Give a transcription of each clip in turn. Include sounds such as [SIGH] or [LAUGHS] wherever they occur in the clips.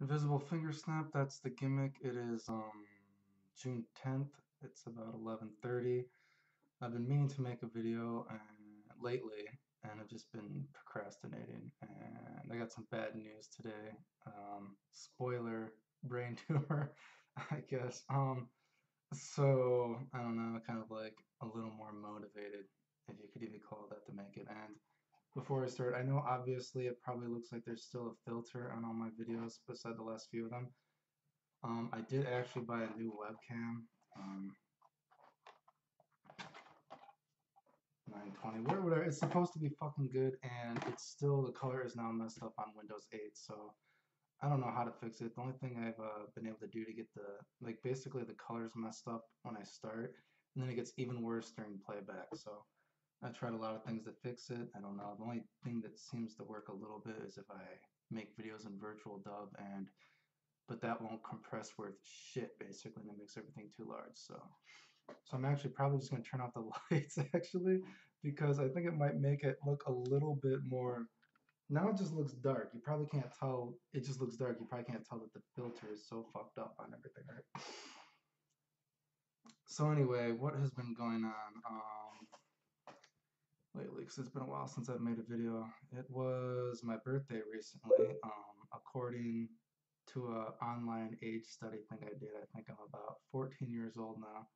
Invisible Finger Snap, that's the gimmick. It is um, June 10th. It's about 11.30. I've been meaning to make a video and, uh, lately, and I've just been procrastinating. And I got some bad news today. Um, spoiler, brain [LAUGHS] tumor, I guess. Um, so, I don't know, kind of like a little more motivated, if you could even call that to make it. And before I start, I know obviously it probably looks like there's still a filter on all my videos beside the last few of them. Um, I did actually buy a new webcam. Um, 920, whatever. It's supposed to be fucking good, and it's still the color is now messed up on Windows 8. So I don't know how to fix it. The only thing I've uh, been able to do to get the like basically the colors messed up when I start, and then it gets even worse during playback. So I tried a lot of things to fix it. I don't know. The only thing that seems to work a little bit is if I make videos in Virtual Dub and but that won't compress worth shit basically and it makes everything too large so so I'm actually probably just gonna turn off the [LAUGHS] lights actually because I think it might make it look a little bit more now it just looks dark you probably can't tell it just looks dark you probably can't tell that the filter is so fucked up on everything right so anyway what has been going on um, lately because it's been a while since I've made a video. It was my birthday recently. Um, according to an online age study thing I did, I think I'm about 14 years old now.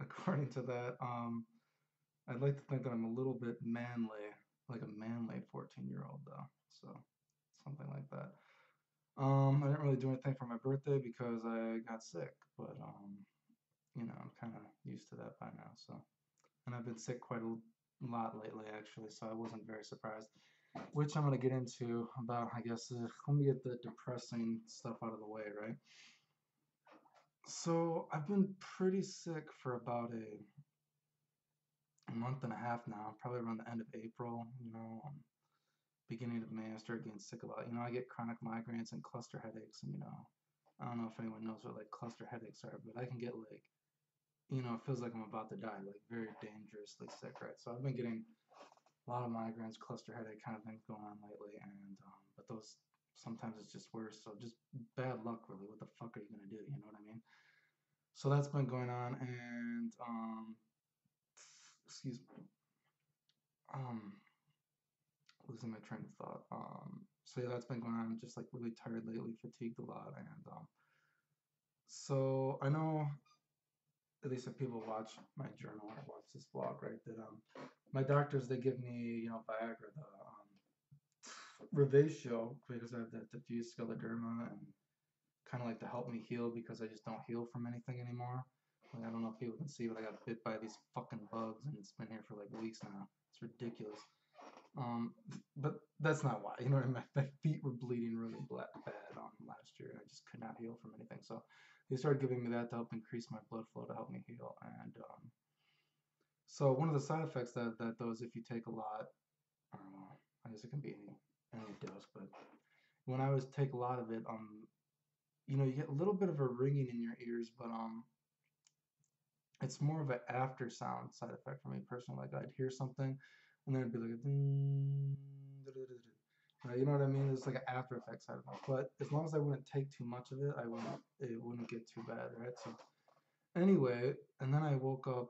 [LAUGHS] According to that, um, I'd like to think that I'm a little bit manly, like a manly 14 year old though. So something like that. Um, I didn't really do anything for my birthday because I got sick, but um, you know I'm kind of used to that by now. So, and I've been sick quite a lot lately, actually, so I wasn't very surprised. Which I'm going to get into about, I guess, uh, let me get the depressing stuff out of the way, right? So I've been pretty sick for about a, month and a half now, probably around the end of April, you know, um, beginning of May, I started getting sick a lot. You know, I get chronic migraines and cluster headaches, and, you know, I don't know if anyone knows what, like, cluster headaches are, but I can get, like, you know, it feels like I'm about to die, like very dangerously sick, right? So I've been getting a lot of migraines, cluster headache kind of things going on lately, and um, but those sometimes it's just worse. So just bad luck, really. What the fuck are you gonna do? You know what I mean? So that's been going on, and um, excuse me, um, losing my train of thought. Um, so yeah, that's been going on. I'm just like really tired lately, fatigued a lot, and um, so I know at least if people watch my journal or watch this blog, right? That um, my doctors they give me you know Viagra, the um, Revatio because I have that diffuse scleroderma and kind of like to help me heal because I just don't heal from anything anymore. Like I don't know if people can see, but I got bit by these fucking bugs and it's been here for like weeks now. It's ridiculous. Um, but that's not why. You know what I mean? [LAUGHS] My feet were bleeding really bad, last year. I just could not heal from anything. So they started giving me that to help increase my blood flow to help me heal. And um, so one of the side effects that that those, if you take a lot, uh, I guess it can be any any dose, but when I was take a lot of it, um, you know, you get a little bit of a ringing in your ears, but um, it's more of an after sound side effect for me personally. Like I'd hear something, and then it'd be like, you know what I mean? It's like an after effect not know. But as long as I wouldn't take too much of it, I wouldn't it wouldn't get too bad, right? So anyway, and then I woke up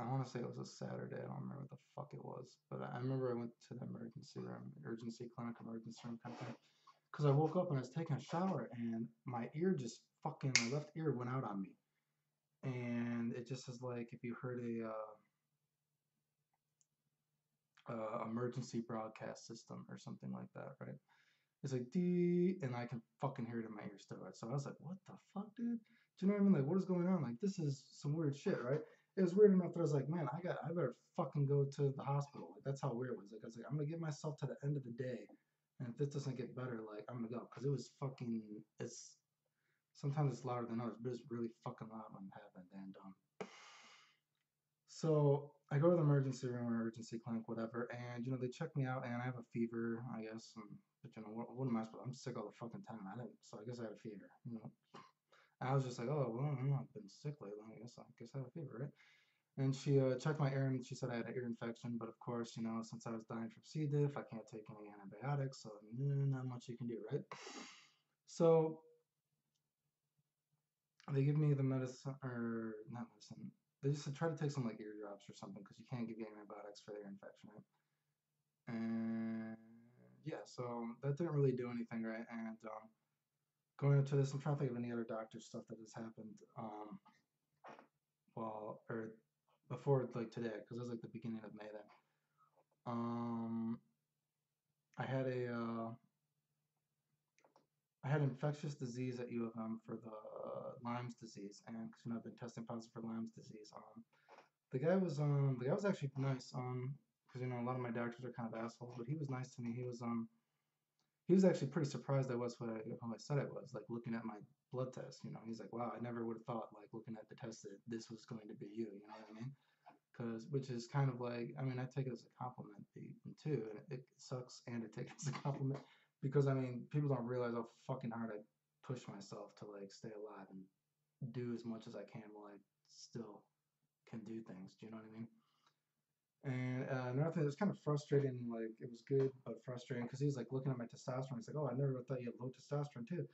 I want to say it was a Saturday. I don't remember what the fuck it was, but I remember I went to the emergency room, emergency clinic, emergency room kind of thing, because I woke up and I was taking a shower and my ear just fucking my left ear went out on me, and it just is like if you heard a uh, uh, emergency broadcast system or something like that, right? It's like D, and I can fucking hear it in my ear still, right? So I was like, what the fuck, dude? Do you know what I mean? Like, what is going on? Like, this is some weird shit, right? It was weird enough that I was like, man, I got, I better fucking go to the hospital. Like, that's how weird it was. Like, I was like, I'm gonna get myself to the end of the day, and if this doesn't get better, like, I'm gonna go, cause it was fucking, it's sometimes it's louder than others, but it's really fucking loud when it am And um, so I go to the emergency room or emergency clinic, whatever, and you know they check me out, and I have a fever, I guess. And, but you know what, what am I supposed? I'm sick all the fucking time. I didn't, so I guess I had a fever. You know, [LAUGHS] I was just like, oh well, I've been sick lately. I guess I guess I have a fever, right? And she uh, checked my ear and she said I had an ear infection, but of course, you know, since I was dying from C. diff, I can't take any antibiotics, so not much you can do, right? So they give me the medicine, or not medicine, they just try to take some like eardrops or something because you can't give you antibiotics for their infection, right? And yeah, so that didn't really do anything, right? And um, going up to this, I'm trying to think of any other doctor stuff that has happened. Um, well, or before like today, because it was like the beginning of May then. Um, I had a uh, I had infectious disease at U of M for the uh, Lyme's disease, and cause, you know, I've been testing positive for Lyme's disease. Um, the guy was um, the guy was actually nice. Um, because you know a lot of my doctors are kind of assholes, but he was nice to me. He was um, he was actually pretty surprised I was what I, I said I was. Like looking at my blood test, you know, he's like, wow, I never would have thought like looking at the test that this was going to be you. You know what I mean? Cause which is kind of like, I mean, I take it as a compliment too, and it, it sucks, and I take it [LAUGHS] as a compliment because I mean, people don't realize how fucking hard I push myself to like stay alive and do as much as I can while I still can do things. Do you know what I mean? And uh, another thing that's kind of frustrating, like it was good but frustrating, because he's like looking at my testosterone. He's like, "Oh, I never thought you had low testosterone too."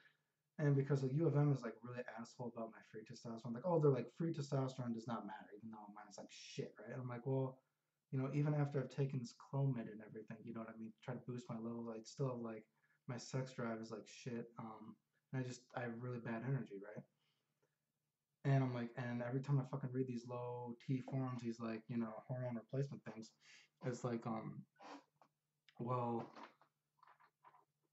And because like, U of M is like really asshole about my free testosterone, I'm like, "Oh, they're like free testosterone does not matter," even though mine is like shit, right? And I'm like, "Well, you know, even after I've taken this Clomid and everything, you know what I mean, try to boost my levels, I still have like my sex drive is like shit. Um, and I just I have really bad energy, right? And I'm like, and every time I fucking read these low T forms, these like you know hormone replacement things, it's like um, well,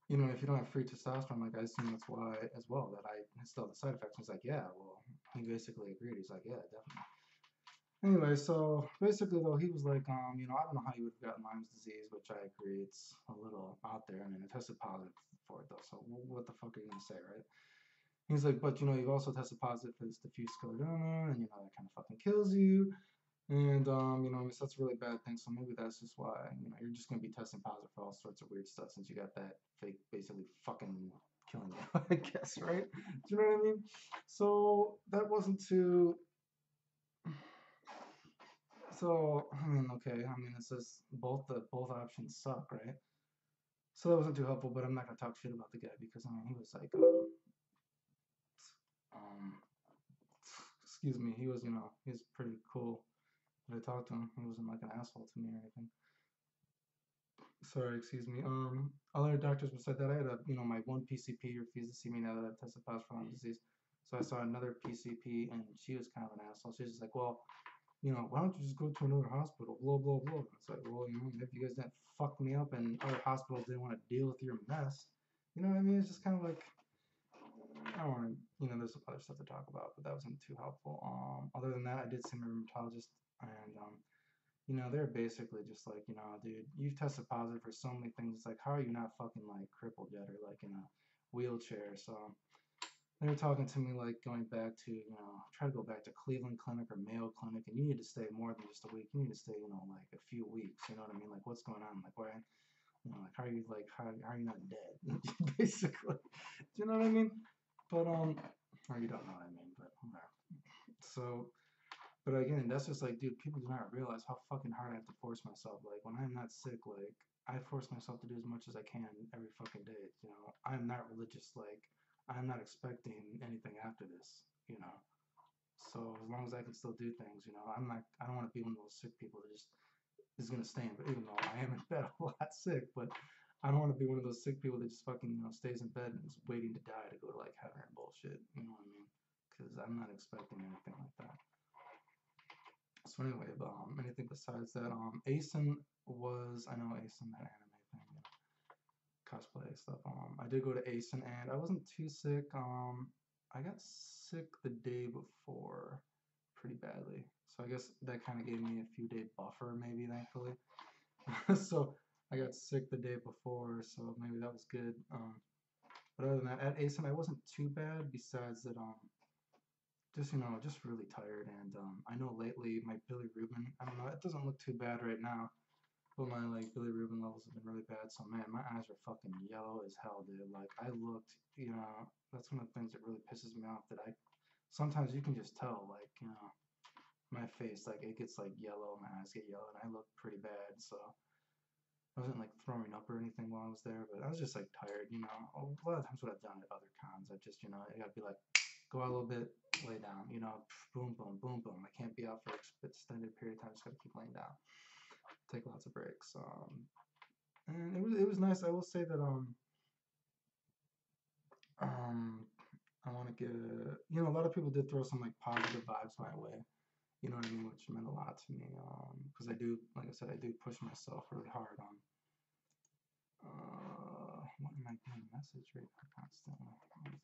you know, if you don't have free testosterone, like I assume that's why as well that I still have the side effects. He's like, yeah, well, he basically agreed. He's like, yeah, definitely. Anyway, so basically though, he was like, um, you know, I don't know how you would have gotten Lyme's disease, which I agree, it's a little out there. I mean, it tested positive for it though, so what the fuck are you gonna say, right? He's like, but you know, you've also tested positive for this diffuse scleroderma, and you know that kind of fucking kills you. And um, you know, it's, that's a really bad thing. So maybe that's just why you know you're just gonna be testing positive for all sorts of weird stuff since you got that fake, basically fucking killing you, [LAUGHS] I guess, right? Do you know what I mean? So that wasn't too so, I mean, okay, I mean, it says both the both options suck, right? So that wasn't too helpful, but I'm not gonna talk shit about the guy because I mean, he was like, um, um excuse me, he was, you know, he's pretty cool. But I talked to him, he wasn't like an asshole to me or anything. Sorry, excuse me. Um, other doctors besides that, I had a, you know, my one PCP refused to see me now that I've tested positive for Lyme disease. So I saw another PCP, and she was kind of an asshole. She's just like, well, you know, why don't you just go to another hospital? Blah, blah, blah. It's like, well, you know, if you guys didn't fuck me up and other hospitals didn't want to deal with your mess, you know what I mean? It's just kind of like, I don't want to, you know, there's some other stuff to talk about, but that wasn't too helpful. Um, other than that, I did see my rheumatologist, and, um, you know, they're basically just like, you know, dude, you've tested positive for so many things. It's like, how are you not fucking, like, crippled yet or, like, in a wheelchair? So, they were talking to me like going back to, you know, try to go back to Cleveland Clinic or Mayo Clinic, and you need to stay more than just a week. You need to stay, you know, like a few weeks. You know what I mean? Like, what's going on? Like, why? You know, like, how are you, like, how, how are you not dead? [LAUGHS] Basically. Do you know what I mean? But, um, or you don't know what I mean, but whatever. So, but again, that's just like, dude, people do not realize how fucking hard I have to force myself. Like, when I'm not sick, like, I force myself to do as much as I can every fucking day. You know, I'm not religious, like, I'm not expecting anything after this, you know. So as long as I can still do things, you know, I'm not. I don't want to be one of those sick people that just is gonna stay in bed. Even though I am in bed a [LAUGHS] lot sick, but I don't want to be one of those sick people that just fucking you know stays in bed and is waiting to die to go to like heaven and bullshit. You know what I mean? Because I'm not expecting anything like that. So anyway, but, um, anything besides that, um, Asen was I know Asen that cosplay stuff. Um, I did go to ASIN and I wasn't too sick. Um, I got sick the day before pretty badly. So I guess that kind of gave me a few day buffer maybe thankfully. [LAUGHS] so I got sick the day before so maybe that was good. Um, but other than that at ASIN I wasn't too bad besides that um just you know just really tired and um, I know lately my Billy Rubin I don't know it doesn't look too bad right now but my like Billy levels have been really bad, so man, my eyes are fucking yellow as hell, dude. Like I looked, you know, that's one of the things that really pisses me off. That I sometimes you can just tell, like you know, my face like it gets like yellow, my eyes get yellow, and I look pretty bad. So I wasn't like throwing up or anything while I was there, but I was just like tired, you know. A lot of times what I've done at other cons, I just you know, I gotta be like, go out a little bit, lay down, you know, boom, boom, boom, boom. I can't be out for an extended period of time. Just gotta keep laying down take lots of breaks. Um, and it was it was nice. I will say that um um I want to get a, you know a lot of people did throw some like positive vibes my way. You know what I mean, which meant a lot to me. Um, because I do, like I said, I do push myself really hard on. Uh, what am I getting message right now constantly?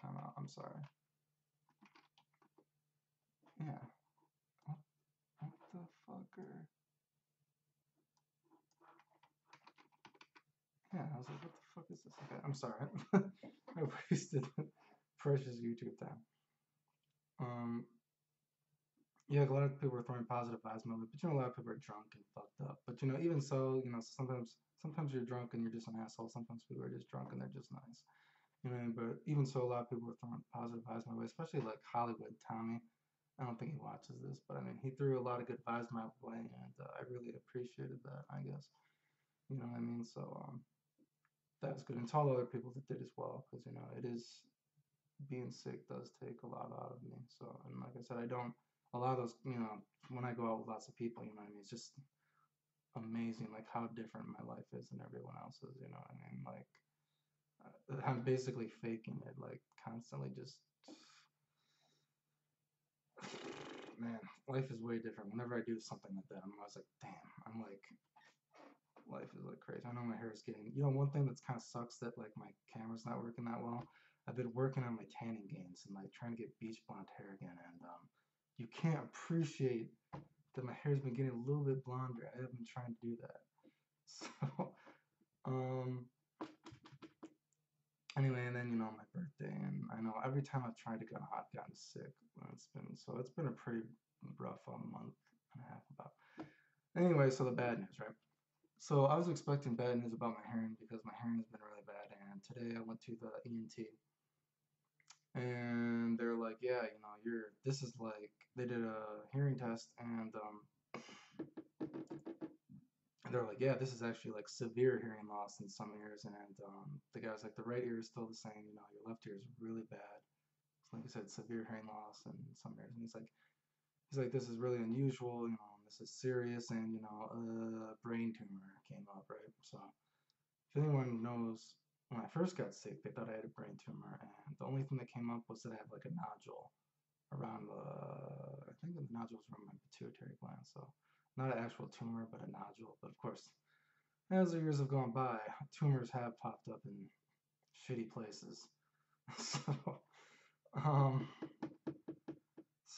Time out. I'm sorry. Yeah. What, what the fucker? Yeah, I was like, what the fuck is this Okay, I'm sorry. [LAUGHS] I wasted [LAUGHS] precious YouTube time. Um, yeah, a lot of people are throwing positive vibes my way, but you know, a lot of people are drunk and fucked up. But you know, even so, you know, sometimes sometimes you're drunk and you're just an asshole. Sometimes people are just drunk and they're just nice. You know, I mean? but even so, a lot of people are throwing positive vibes my way, especially like Hollywood Tommy. I don't think he watches this, but I mean, he threw a lot of good vibes my way, and uh, I really appreciated that. I guess, you know what I mean. So, um, that's good. And tell other people that did as well, because you know it is being sick does take a lot out of me. So and like I said, I don't a lot of those you know when I go out with lots of people, you know I mean. It's just amazing like how different my life is than everyone else's. You know I mean like. Uh, I'm basically faking it, like constantly just [SIGHS] man, life is way different. Whenever I do something like that, I'm always like, damn, I'm like life is like crazy. I know my hair is getting, you know, one thing that's kind of sucks that like my camera's not working that well. I've been working on my tanning gains and like trying to get beach blonde hair again. And um, you can't appreciate that my hair's been getting a little bit blonder. I have been trying to do that. [LAUGHS] So, um, anyway, and then you know my birthday, and I know every time I've tried to get hot, i gotten sick. It's been so it's been a pretty rough um, month and a half about. Anyway, so the bad news, right? So I was expecting bad news about my hearing because my hearing has been really bad and today I went to the ENT and they're like yeah you know you're this is like they did a hearing test and um they're like yeah this is actually like severe hearing loss in some ears and um, the guy's like the right ear is still the same you know your left ear is really bad so like I said severe hearing loss in some ears and he's like he's like this is really unusual you know this is serious and, you know, a brain tumor came up, right? So if anyone knows, when I first got sick, they thought I had a brain tumor, and the only thing that came up was that I had like a nodule around the, I think the nodule was around my pituitary gland, so not an actual tumor, but a nodule. But of course, as the years have gone by, tumors have popped up in shitty places. [LAUGHS] so, um,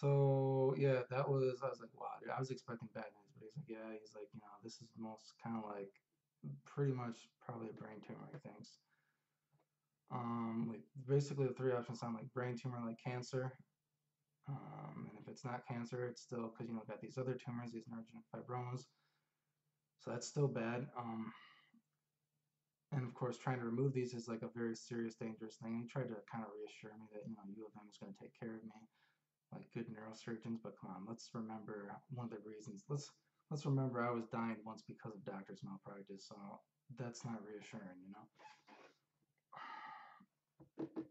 so yeah, that was I was like, wow, dude, I was expecting bad news, but he's like, yeah, he's like, you know, this is most kind of like pretty much probably a brain tumor, he thinks. Um, like basically the three options sound like brain tumor, like cancer. Um, and if it's not cancer, it's still because you know got these other tumors, these neurogenic fibromas. So that's still bad. Um, and of course, trying to remove these is like a very serious, dangerous thing. He tried to kind of reassure me that you know U of M is going to take care of me like good neurosurgeons, but come on, let's remember one of the reasons. Let's let's remember I was dying once because of doctor's malpractice, so that's not reassuring, you know. [SIGHS]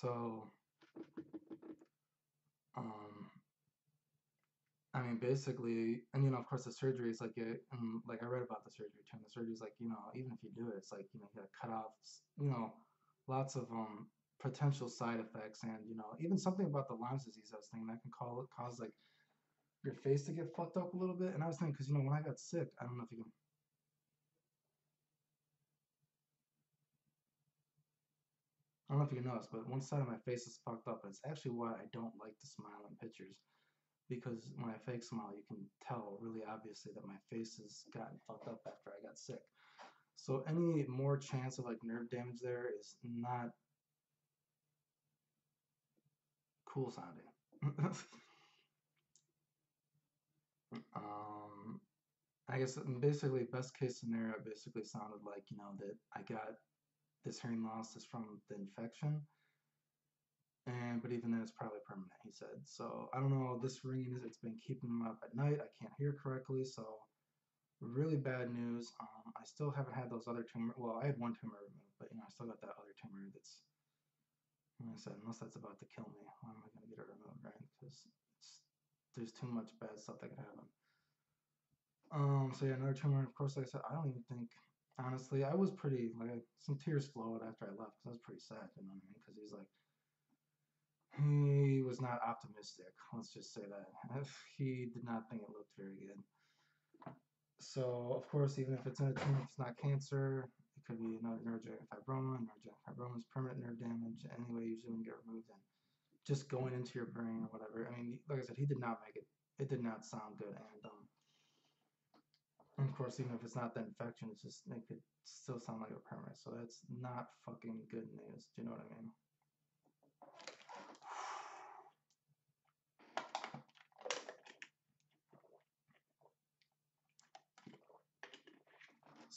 So, um, I mean, basically, and you know, of course, the surgery is like, it, and, um, like I read about the surgery too. And the surgery is like, you know, even if you do it, it's like, you know, you gotta cut off, you know, lots of um potential side effects and you know even something about the Lyme's disease I was thinking that can call, cause like your face to get fucked up a little bit and I was thinking because you know when I got sick I don't know if you can I don't know if you noticed, but one side of my face is fucked up. It's actually why I don't like to smile in pictures. Because when I fake smile, you can tell really obviously that my face has gotten fucked up after I got sick. So any more chance of like nerve damage there is not cool sounding. [LAUGHS] um, I guess um, basically best case scenario basically sounded like you know that I got this hearing loss is from the infection, and but even then it's probably permanent. He said. So I don't know. This ringing is it's been keeping him up at night. I can't hear correctly. So really bad news. Um, I still haven't had those other tumor. Well, I had one tumor removed, but you know I still got that other tumor that's like I said, unless that's about to kill me, why am I going to get it removed, right? Because there's too much bad stuff that could happen. Um, so yeah, another tumor. Of course, like I said, I don't even think, honestly, I was pretty, like, some tears flowed after I left because I was pretty sad, you know what I mean? Because he's like, he was not optimistic. Let's just say that. He did not think it looked very good. So, of course, even if it's in a tumor, it's not cancer, could be another neurogenic fibroma. Neurogenic fibroma is permanent nerve damage anyway, usually when you get removed and just going into your brain or whatever. I mean, like I said, he did not make it. It did not sound good. And, um, and of course, even if it's not the infection, it's just, it could still sound like a permanent. So that's not fucking good news. Do you know what I mean?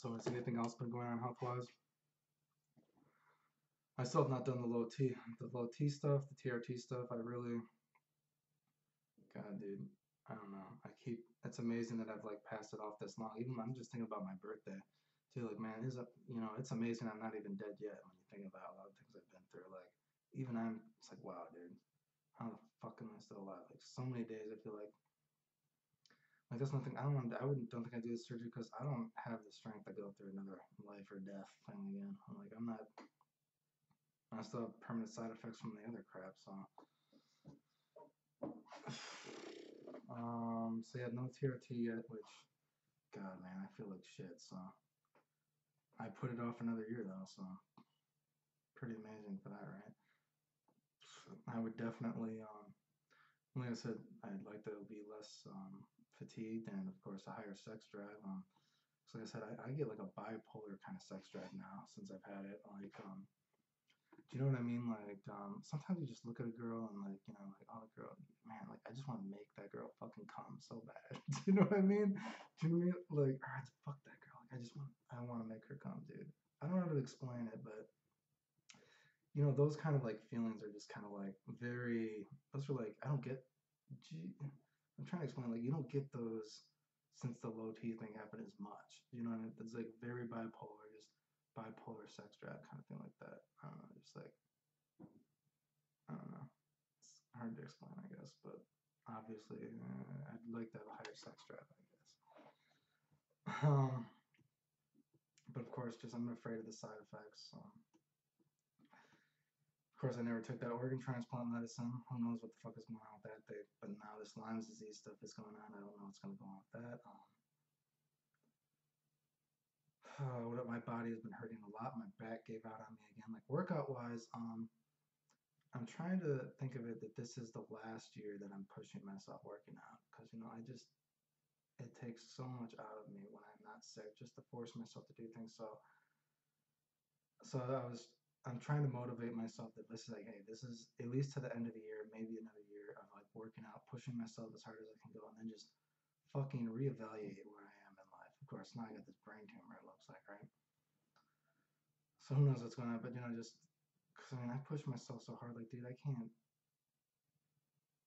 So has anything else been going on health-wise? I still have not done the low T, the low T stuff, the TRT stuff. I really, God, dude, I don't know. I keep. It's amazing that I've like passed it off this long. Even I'm just thinking about my birthday, too. Like, man, is you know, it's amazing I'm not even dead yet. When you think about a lot of things I've been through, like, even I'm. It's like, wow, dude, how the fuck am I still alive? Like, so many days I feel like like that's nothing. I don't. Want, I wouldn't. Don't think I do this surgery because I don't have the strength to go through another life or death thing again. I'm like I'm not. I still have permanent side effects from the other crap. So. [SIGHS] Um. So yeah, no TRT yet. Which, God, man, I feel like shit. So. I put it off another year though. So. Pretty amazing for that, right? I would definitely. Um. Like I said, I'd like to be less. Um, fatigued and of course a higher sex drive. Um, so like I said, I, I, get like a bipolar kind of sex drive now since I've had it. Like, um, do you know what I mean? Like, um, sometimes you just look at a girl and like, you know, like, oh, girl, man, like, I just want to make that girl fucking come so bad. [LAUGHS] do you know what I mean? Do you know what I mean? Like, all ah, right, fuck that girl. Like, I just want, I want to make her come, dude. I don't know how to explain it, but you know, those kind of like feelings are just kind of like very. Those are like, I don't get. Gee, I'm trying to explain, like, you don't get those since the low T thing happened as much. You know what I mean? It's like very bipolar, just bipolar sex drive kind of thing like that. I don't know, just like, I don't know. It's hard to explain, I guess, but obviously uh, I'd like to have a higher sex drive, I guess. Um, but of course, just I'm afraid of the side effects. Um, course, I never took that organ transplant medicine. Who knows what the fuck is going on with that? but now this Lyme's disease stuff is going on. I don't know what's going to go on with that. Um, oh, [SIGHS] my body has been hurting a lot. My back gave out on me again. Like workout wise, um, I'm trying to think of it that this is the last year that I'm pushing myself working out because you know I just it takes so much out of me when I'm not sick just to force myself to do things. So so I was I'm trying to motivate myself that this is like, hey, this is at least to the end of the year, maybe another year of like working out, pushing myself as hard as I can go, and then just fucking reevaluate where I am in life. Of course, now I got this brain tumor, it looks like, right? So who knows what's going on, but you know, just because I mean, I push myself so hard, like, dude, I can't.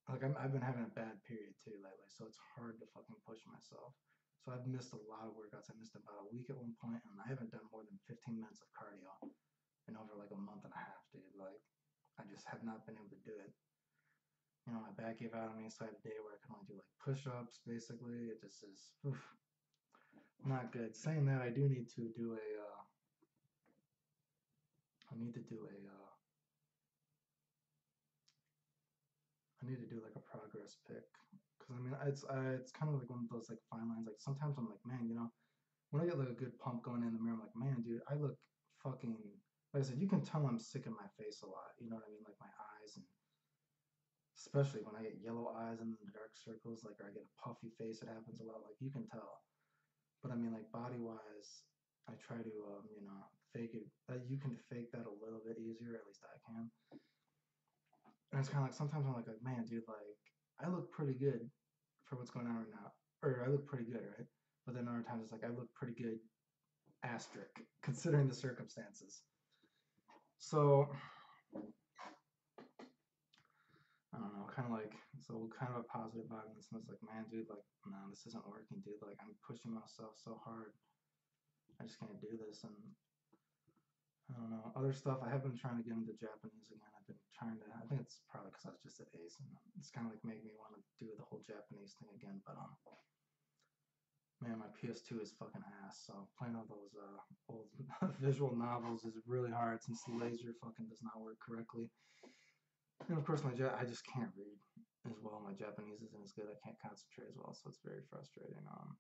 Like, i have been having a bad period too lately, so it's hard to fucking push myself. So I've missed a lot of workouts. I missed about a week at one point, and I haven't done more than 15 minutes of cardio been over like a month and a half, dude. Like, I just have not been able to do it. You know, my back gave out on me, so I had a day where I could only do like push ups, basically. It just is oof, not good. Saying that, I do need to do a. Uh, I need to do a. Uh, I need to do like a progress pick because I mean it's uh, it's kind of like one of those like fine lines. Like sometimes I'm like, man, you know, when I get like a good pump going in the mirror, I'm like, man, dude, I look fucking like I said, you can tell I'm sick in my face a lot. You know what I mean? Like my eyes and especially when I get yellow eyes and the dark circles, like or I get a puffy face, it happens a lot. Like you can tell. But I mean, like body wise, I try to um, you know fake it. Uh, you can fake that a little bit easier, at least I can. And it's kind of like sometimes I'm like, like, man, dude, like I look pretty good for what's going on right now, or I look pretty good, right? But then other times it's like I look pretty good, asterisk, [LAUGHS] considering the circumstances. So I don't know, kind of like so kind of a positive vibe, and someone's like, "Man, dude, like, no, nah, this isn't working, dude. Like, I'm pushing myself so hard, I just can't do this." And I don't know, other stuff. I have been trying to get into Japanese again. I've been trying to. I think it's probably because I was just at Ace, and it's kind of like made me want to do the whole Japanese thing again. But um, man, my PS2 is fucking ass. So playing all those uh, old [LAUGHS] visual novels is really hard since the laser fucking does not work correctly. And of course, my ja- I just can't read as well. My Japanese isn't as good. I can't concentrate as well, so it's very frustrating. Um,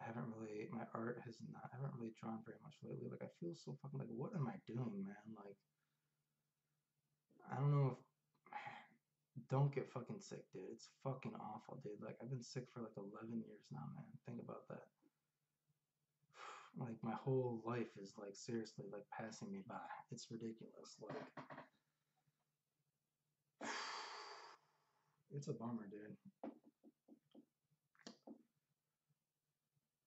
I haven't really my art has not. I haven't really drawn very much lately. Like I feel so fucking like what am I doing, man? Like I don't know if don't get fucking sick, dude. It's fucking awful, dude. Like, I've been sick for like 11 years now, man. Think about that. [SIGHS] Like, my whole life is like seriously like passing me by. It's ridiculous. Like, [SIGHS] it's a bummer, dude.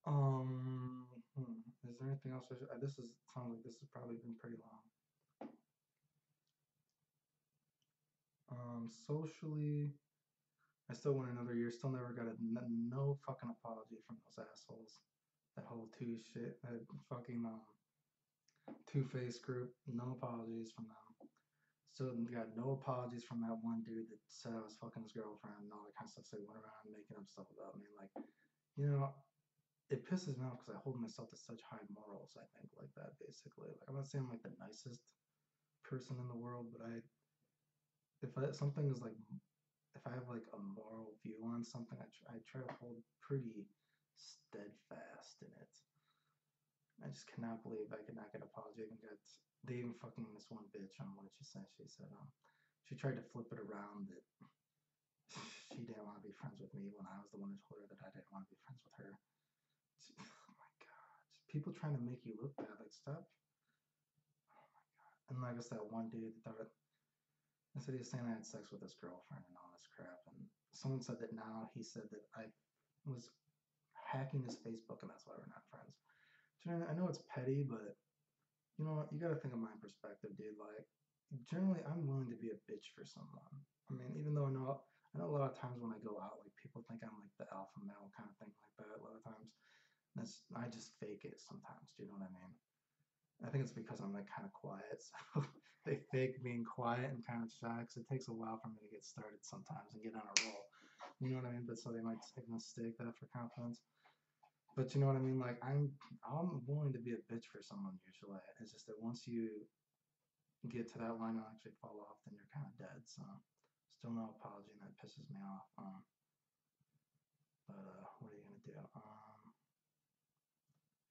Um, hmm, is there anything else? I should, this is sounds like this has probably been pretty long. socially. I still went another year. Still never got a n- no fucking apology from those assholes. That whole two shit, that fucking um, two face group. No apologies from them. Still got no apologies from that one dude that said I was fucking his girlfriend and all that kind of stuff. So he went around making up stuff about me. Like, you know, it pisses me off because I hold myself to such high morals. I think like that basically. Like I'm not saying I'm like the nicest person in the world, but I if I, something is like if I have like a moral view on something, I, tr I try to hold pretty steadfast in it. I just cannot believe I could not get apologetic. And got they even fucking this one bitch on what she said. She said um, she tried to flip it around that [SIGHS] she didn't want to be friends with me when I was the one who told her that I didn't want to be friends with her. She, [SIGHS] oh my god, people trying to make you look bad. Like stuff. Oh my god. And like I said, one dude that thought I said he was saying I had sex with his girlfriend and all this crap. And someone said that now he said that I was hacking his Facebook and that's why we're not friends. Generally, I know it's petty, but you know what? You got to think of my perspective, dude. Like, generally, I'm willing to be a bitch for someone. I mean, even though I know I know a lot of times when I go out, like people think I'm like the alpha male kind of thing like that. A lot of times, that's I just fake it sometimes. Do you know what I mean? I think it's because I'm like kind of quiet, [LAUGHS] so they fake being quiet and kind of shy because it takes a while for me to get started sometimes and get on a roll. You know what I mean? But so they might take mistake that for confidence. But you know what I mean? Like I'm I'm willing to be a bitch for someone usually. It's just that once you get to that line and actually fall off, then you're kind of dead. So still no apology, and that pisses me off. Um, but uh, what are you gonna do? Um,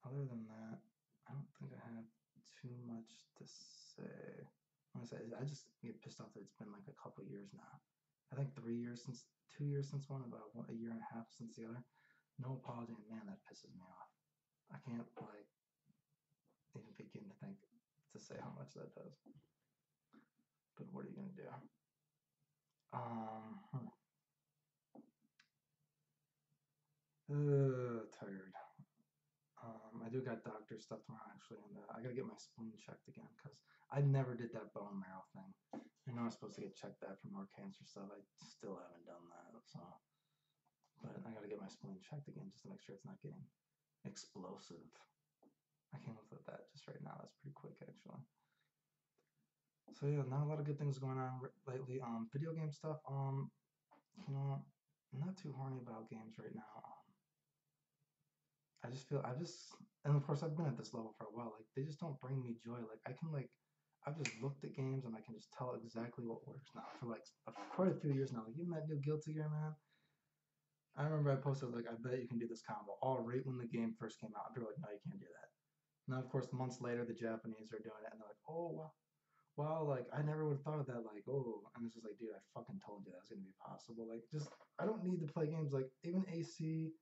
other than that, I don't think I have too much to say. I'm say I just get pissed off that it's been like a couple years now. I think three years since, two years since one, about a year and a half since the other. No apology, and man, that pisses me off. I can't like even begin to think to say how much that does. But what are you gonna do? Um, huh. Hmm. uh, tired do got doctor stuff tomorrow actually, and uh, I gotta get my spleen checked again because I never did that bone marrow thing. I know I'm supposed to get checked that for more cancer stuff. I still haven't done that, so. But I gotta get my spleen checked again just to make sure it's not getting explosive. I came up with that just right now. That's pretty quick actually. So yeah, not a lot of good things going on lately. Um, video game stuff. Um, you know, I'm not too horny about games right now. I just feel I just and of course I've been at this level for a while. Like they just don't bring me joy. Like I can like I've just looked at games and I can just tell exactly what works now for like a, quite a few years now. Like even that new Guilty Gear man. I remember I posted like I bet you can do this combo all right when the game first came out. People were like no you can't do that. Now of course months later the Japanese are doing it and they're like oh wow wow like I never would have thought of that like oh and this was like dude I fucking told you that was gonna be possible like just I don't need to play games like even AC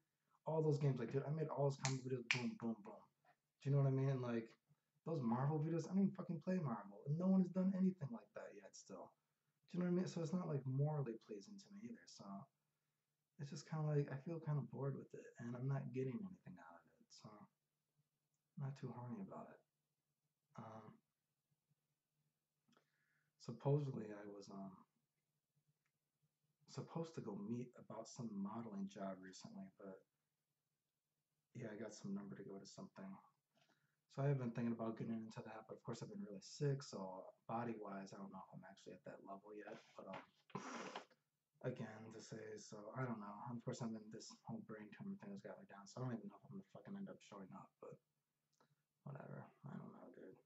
all those games. Like, dude, I made all those comic videos. Boom, boom, boom. Do you know what I mean? Like, those Marvel videos, I don't even fucking play Marvel. And no one has done anything like that yet still. Do you know what I mean? So it's not like morally pleasing to me either. So it's just kind of like I feel kind of bored with it and I'm not getting anything out of it. So I'm not too horny about it. Um, supposedly, I was um, supposed to go meet about some modeling job recently, but yeah, I got some number to go to something. So I have been thinking about getting into that, but of course I've been really sick, so body-wise, I don't know if I'm actually at that level yet. But um, again, to say, so I don't know. Of course, I'm in this whole brain tumor thing has got me down, so I don't even know if I'm gonna fucking end up showing up. But whatever, I don't know, dude.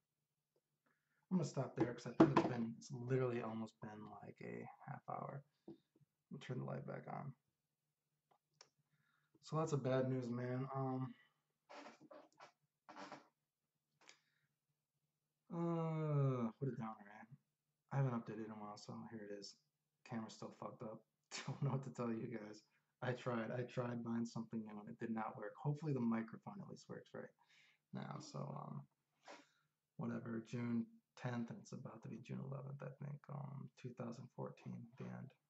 I'm gonna stop there because I think it's been, it's literally almost been like a half hour. I'll turn the light back on. So that's a bad news, man. Um, uh, put it down, man. I haven't updated in a while, so here it is. Camera's still fucked up. [LAUGHS] Don't know what to tell you guys. I tried. I tried buying something new and it did not work. Hopefully the microphone at least works right now. So um, whatever, June 10th, and it's about to be June 11th, I think, um, 2014, the end.